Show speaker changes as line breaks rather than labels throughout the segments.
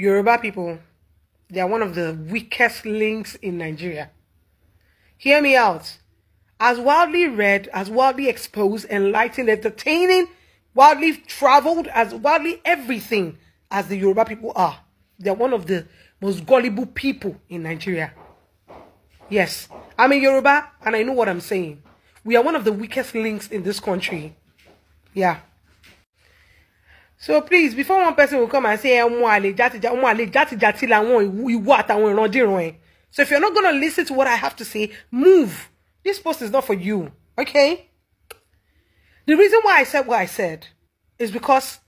Yoruba people, they are one of the weakest links in Nigeria. Hear me out. As wildly read, as wildly exposed, enlightened, entertaining, wildly traveled, as wildly everything as the Yoruba people are, they are one of the most gullible people in Nigeria. Yes, I'm a Yoruba and I know what I'm saying. We are one of the weakest links in this country. Yeah. so please before one person will come and say ọmọ eh, àlè játijá ọmọ àlè játijàti làwọn ìwọ àtàwọn ìrandíran ẹ so if you're not gonna listen to what I have to say move this post is not for you okay the reason why I said what I said is because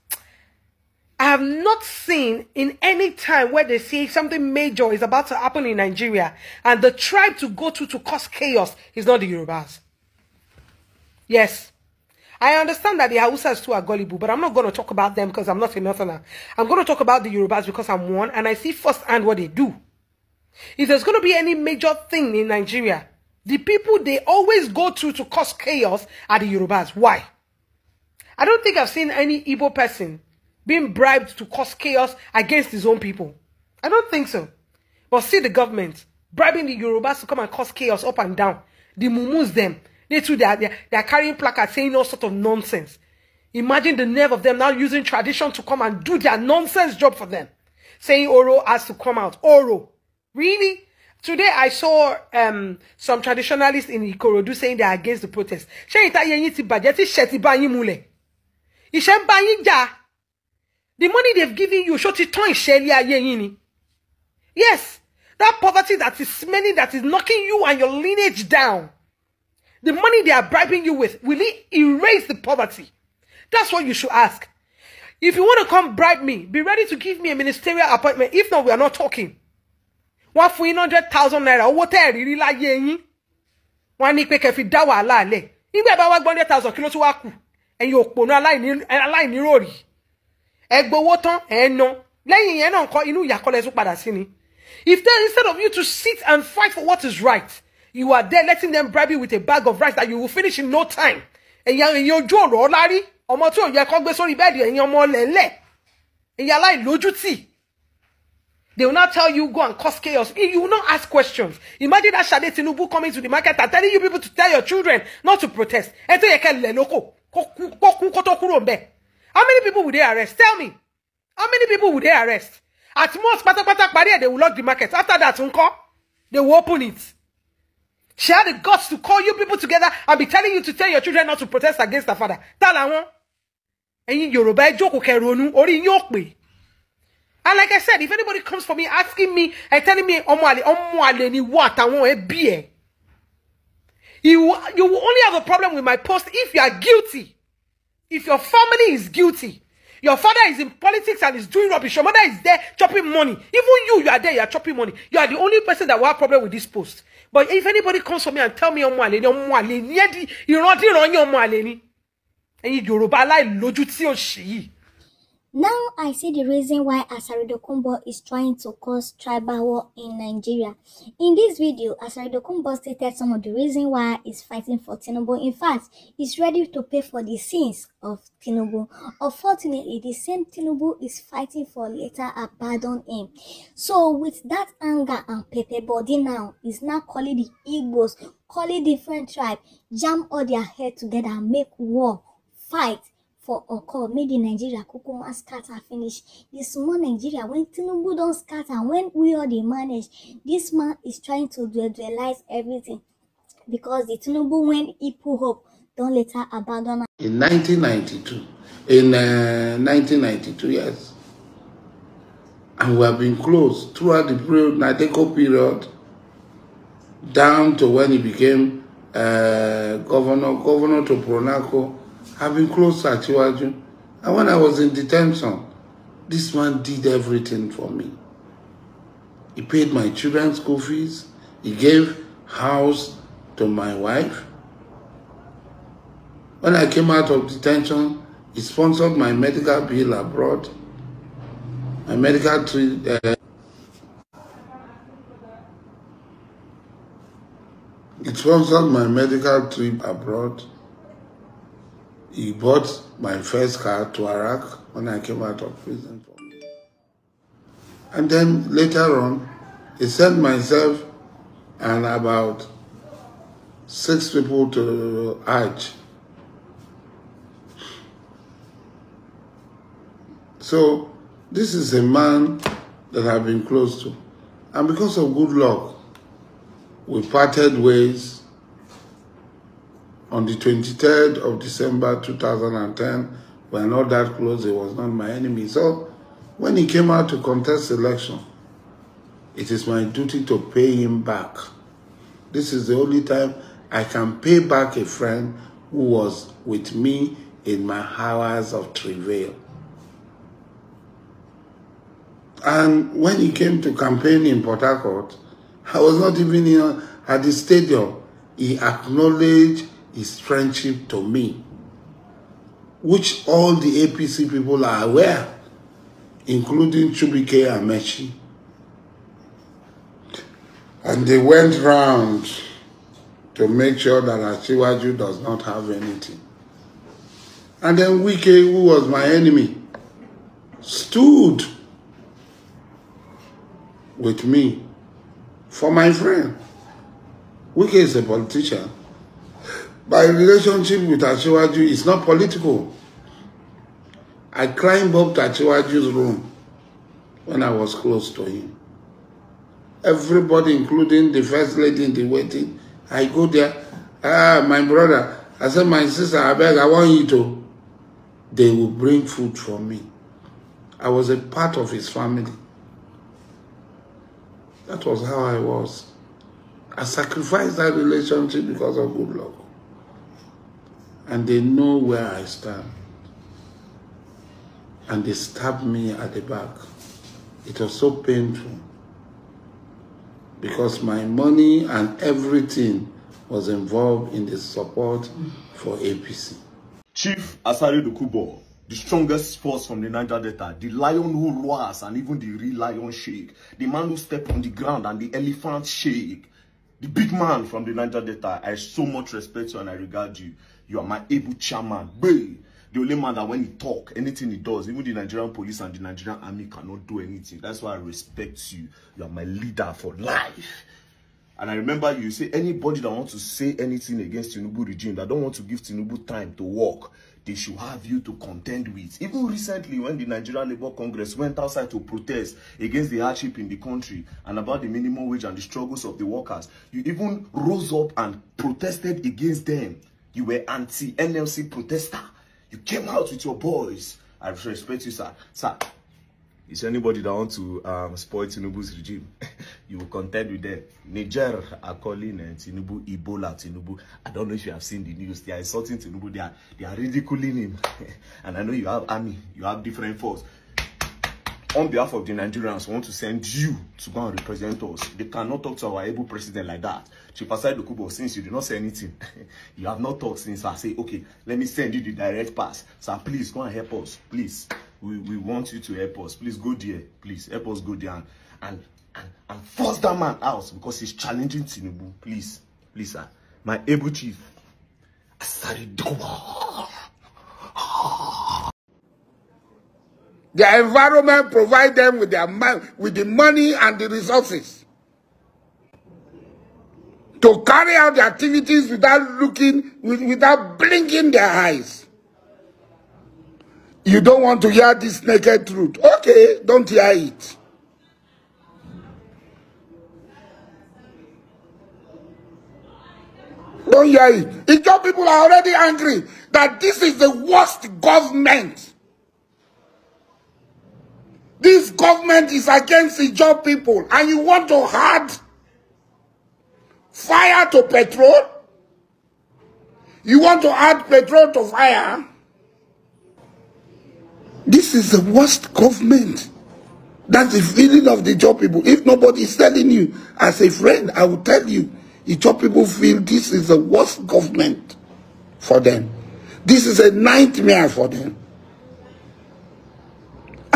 I have not seen in any time where they say something major is about to happen in Nigeria and the tribe to go to to cause chaos is not the Yorubas yes I understand that the Hausas too are gullible, but I'm not going to talk about them because I'm not a northerner. I'm going to talk about the Yorubas because I'm one and I see firsthand what they do. If there's going to be any major thing in Nigeria, the people they always go to to cause chaos are the Yorubas. Why? I don't think I've seen any Igbo person being bribed to cause chaos against his own people. I don't think so. But see the government bribing the Yorubas to come and cause chaos up and down. The Mumus them. They too, they are, they are, they are carrying placards saying all sort of nonsense. Imagine the nerve of them now using tradition to come and do their nonsense job for them. Saying Oro has to come out. Oro. Really? Today I saw um, some traditionalists in Ikorodu saying they are against the protest. Ṣé ìta yẹn yín ti bàjẹ́ tí ṣẹ̀ ti bá The money they've given you ṣó ti tán ìṣẹ́ ilé Yes, that poverty that is smelling that is knocking you and your lineage down the money they are bribing you with, will it erase the poverty? That's what you should ask. If you want to come bribe me, be ready to give me a ministerial appointment. If not, we are not talking. One for yín hundred thousand naira owó tẹ́ ẹ̀ rírí láyé yín. Wọ́n á ní pé kẹfì dá wàhálà lẹ̀. Nígbà bá wá gbọ́ hundred thousand kí ló tún wá kù? Ẹ̀yin òpònú aláìníròrí. Ẹ gbowó tán ẹ̀ ń ná. Lẹ́yìn yẹn náà nǹkan inú ìyàkọ́lẹ̀ tún padà sí ni. If then instead of you to sit and fight for what is right, You are there letting them bribe you with a bag of rice that you will finish in no time. and your Ẹ̀yin ẹ̀yin ojú ọ̀rọ̀ ọ̀lárí ọmọ tí ò yẹ kán gbé sórí bẹ́ẹ̀dì ẹ̀yin ọmọ ọ̀lẹ́lẹ̀ ẹ̀yin aláìlójútì. They will not tell you go and cause chaos. You will not ask questions. Imagine that Sade Tinubu coming to the market and telling you people to tell your children not to protest. Ẹ tó yẹ kẹ́ lẹ̀ How many people would they arrest? Tell me. How many people would they arrest? At most pátápátá parí ẹ̀ they will lock the market. After that unko, they will open it. She had the guts to call you people together and be telling you to tell your children not to protest against her father. Ta làwọn. Ẹ̀yin Yorùbá ẹ jókòó kẹ́ ronú orí yín ò pé. And like I said, if anybody comes for me asking me and telling me ọmọ àlè ni what I want a beer, You you will only have a problem with my post if you are guilty. If your family is guilty. Your father is in politics and is doing rubbish. Your mother is there chopping money. Even you, you are there, you are chopping money. You are the only person that will have problem with this post. But if anybody comes to me and tell me ọmọ àlè ni ọmọ àlè ni ẹ di ìrántí ìrànyìn ọmọ àlè ni. Ẹ̀yin Yorùbá aláìlójú tí ò ṣe yìí. Now I
see the reason why Asari Dokumbo is trying to cause tribal war in Nigeria. In this video, Asari Dokumbo stated some of the reason why he's fighting for Tinubu. In fact, he's ready to pay for the sins of Tinubu. Unfortunately, the same Tinubu is fighting for later a pardon him. So with that anger and Pepe body now, is now calling the Igbos, calling different tribe, jam all their head together, make war, fight, for Oko made in Nigeria Kukuma scatter finish. The small Nigeria when Tinubu don't scatter, when we all they manage, this man is trying to dualize everything because the Tinubu when he pull up don't later abandon.
In 1992, in uh, 1992, years, and we have been close throughout the period, Nadeco period, down to when he became uh, governor, governor to Pronaco have been close to Atiwaju. And when I was in detention, this man did everything for me. He paid my children's school fees. He gave house to my wife. When I came out of detention, he sponsored my medical bill abroad. My medical treat, uh, It sponsored my medical trip abroad. He bought my first car to Iraq when I came out of prison. And then later on, he sent myself and about six people to Hajj. So this is a man that I've been close to. And because of good luck, we parted ways on the 23rd of December 2010, we're not that close, he was not my enemy. So when he came out to contest election, it is my duty to pay him back. This is the only time I can pay back a friend who was with me in my hours of travail. And when he came to campaign in Port Harcourt, I was not even in, at the stadium. He acknowledged is friendship to me, which all the APC people are aware, including Chubike Amechi. And they went round to make sure that Asiwaju does not have anything. And then Wike, who was my enemy, stood with me for my friend. Wike is a politician. My relationship with Asiwaju is not political. I climbed up to room when I was close to him. Everybody, including the first lady in the waiting, I go there. Ah, my brother. I said, my sister, I beg, I want you to. They will bring food for me. I was a part of his family. That was how I was. I sacrificed that relationship because of good luck and they know where I stand. And they stabbed me at the back. It was so painful because my money and everything was involved in the support for
APC. Chief Asari Dukubo, the strongest force from the Niger Delta, the lion who roars and even the real lion shake, the man who stepped on the ground and the elephant shake, the big man from the Niger Delta, I so much respect you and I regard you. You are my able chairman. Bay. The only man that when he talk, anything he does, even the Nigerian police and the Nigerian army cannot do anything. That's why I respect you. You are my leader for life. And I remember you say anybody that wants to say anything against Tinubu regime, that don't want to give Tinubu time to work, they should have you to contend with. Even recently, when the Nigerian Labour Congress went outside to protest against the hardship in the country and about the minimum wage and the struggles of the workers, you even rose up and protested against them. You were anti-NLC protester. You came out with your boys. I respect you, sir. Sir, is anybody that want to um, spoil Tinubu's regime? you will contend with them. Niger are calling uh, Tinubu Ebola Tinubu. I don't know if you have seen the news. They are insulting Tinubu. They are, they are ridiculing him. and I know you have army. You have different force on behalf of the Nigerians, we want to send you to go and represent us. They cannot talk to our able president like that. Chief Asai Dokubo, since you did not say anything, you have not talked since I say, okay, let me send you the direct pass. Sir, please go and help us. Please. We, we want you to help us. Please go there. Please help us go there and, and, and, and force that man out because he's challenging Tinubu. Please. Please, sir. My able chief. Asari Dokubo.
Their environment provide them with, their, with the money and the resources to carry out the activities without looking, without blinking their eyes. You don't want to hear this naked truth. Okay, don't hear it. Don't hear it. It's people are already angry that this is the worst government this government is against the job people and you want to add fire to petrol? You want to add petrol to fire? This is the worst government. That's the feeling of the job people. If nobody is telling you, as a friend, I will tell you, the job people feel this is the worst government for them. This is a nightmare for them.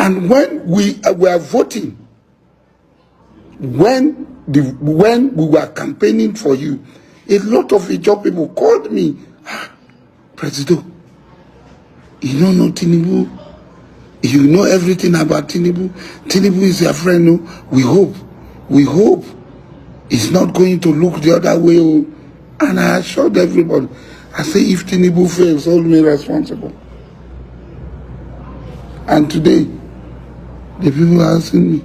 And when we uh, were voting, when the when we were campaigning for you, a lot of Ijaw people called me, ah, Presido, you know know Tinubu, you know everything about Tinubu. Tinubu is your friend. No? We hope, we hope, it's not going to look the other way. And I assured everybody, I say, if Tinubu fails, hold me responsible. And today. The people asking me,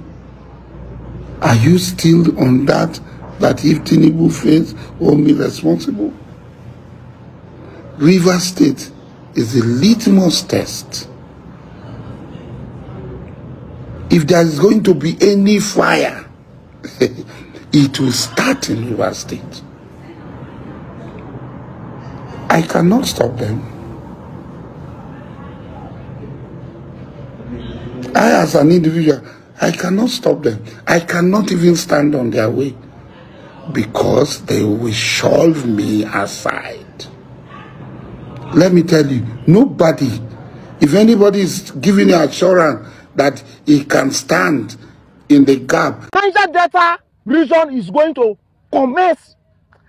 are you still on that, that if Tinubu fails, will be responsible? River State is the litmus test. If there is going to be any fire, it will start in River State. I cannot stop them. I, as an individual, I cannot stop them. I cannot even stand on their way because they will shove me aside. Let me tell you, nobody, if anybody is giving you assurance that he can stand in the gap.
Niger Delta region is going to commence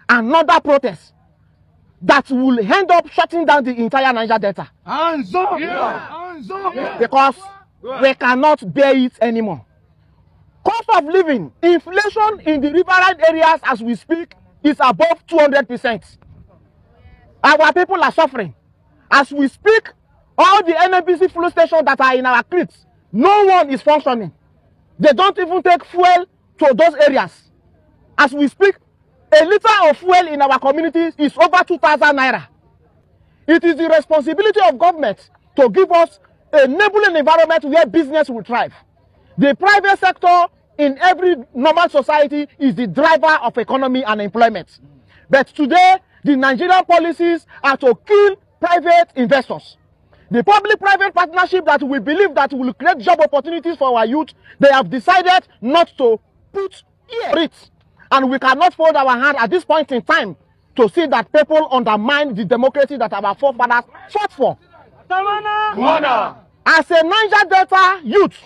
another protest that will end up shutting down the entire Niger Delta. Hands up! Yeah.
Hands up! Yeah. Because
we cannot bear it anymore. Cost of living, inflation in the riverine areas as we speak is above 200%. Our people are suffering. As we speak, all the NNPC fuel stations that are in our creeks, no one is functioning. They don't even take fuel to those areas. As we speak, a liter of fuel in our communities is over 2,000 naira. It is the responsibility of government to give us enabling environment where business will thrive. The private sector in every normal society is the driver of economy and employment. But today, the Nigerian policies are to kill private investors. The public-private partnership that we believe that will create job opportunities for our youth, they have decided not to put ear it. And we cannot fold our hand at this point in time to see that people undermine the democracy that our forefathers fought for.
Governor. Governor.
As a Niger Delta youth,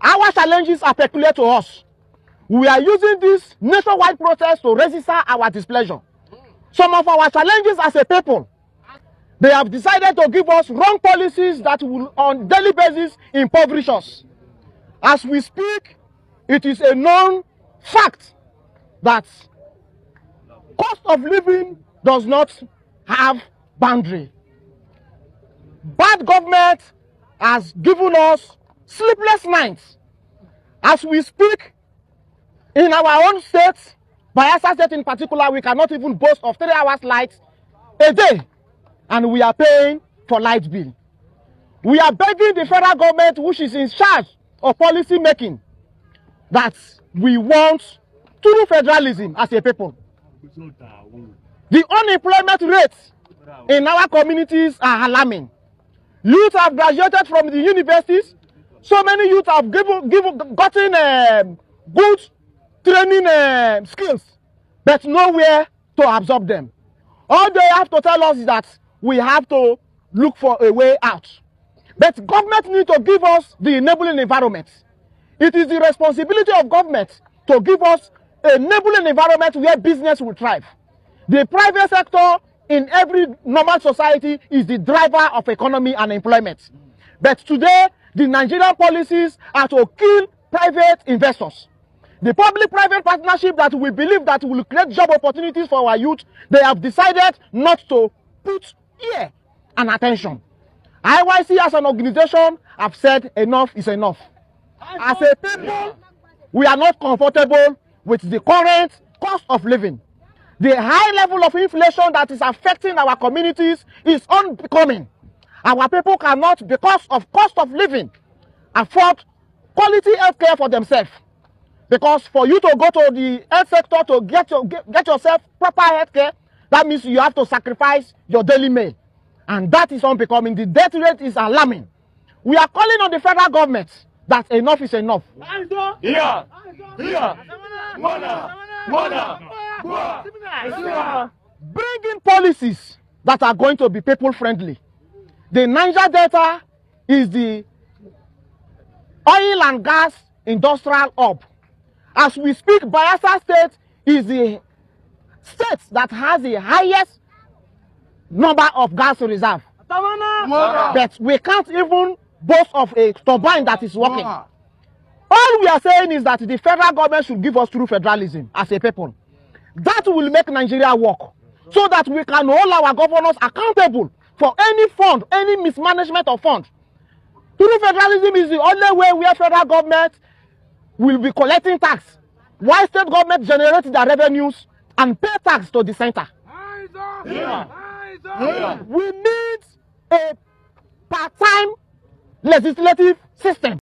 our challenges are peculiar to us. We are using this nationwide protest to register our displeasure. Some of our challenges as a people, they have decided to give us wrong policies that will on daily basis impoverish us. As we speak, it is a known fact that cost of living does not have boundary. Bad government has given us sleepless nights. As we speak, in our own state, Bayelsa State in particular, we cannot even boast of three hours light a day, and we are paying for light bill. We are begging the federal government, which is in charge of policy making, that we want true federalism as a people. The unemployment rates in our communities are alarming. Youth have graduated from the universities. So many youth have given, given, gotten uh, good training uh, skills, but nowhere to absorb them. All they have to tell us is that we have to look for a way out. But government need to give us the enabling environment. It is the responsibility of government to give us a enabling environment where business will thrive. The private sector in every normal society is the driver of economy and employment. But today, the Nigerian policies are to kill private investors. The public-private partnership that we believe that will create job opportunities for our youth, they have decided not to put ear and attention. IYC as an organization have said enough is enough. As a people, we are not comfortable with the current cost of living. The high level of inflation that is affecting our communities is unbecoming. Our people cannot, because of cost of living, afford quality health care for themselves. Because for you to go to the health sector to get, your, get, get yourself proper health care, that means you have to sacrifice your daily meal. And that is unbecoming. The death rate is alarming. We are calling on the federal government that enough is enough.
Here, here, here. Mother, mother, mother.
Bring in policies that are going to be people friendly. The Niger Delta is the oil and gas industrial hub. As we speak, Bayelsa State is the state that has the highest number of gas reserve.
But
we can't even boast of a turbine that is working. All we are saying is that the federal government should give us true federalism as a people. That will make Nigeria work so that we can hold our governors accountable for any fund, any mismanagement of funds. True federalism is the only way where federal government will be collecting tax while state government generates their revenues and pay tax to the center.
We
need a part-time legislative system.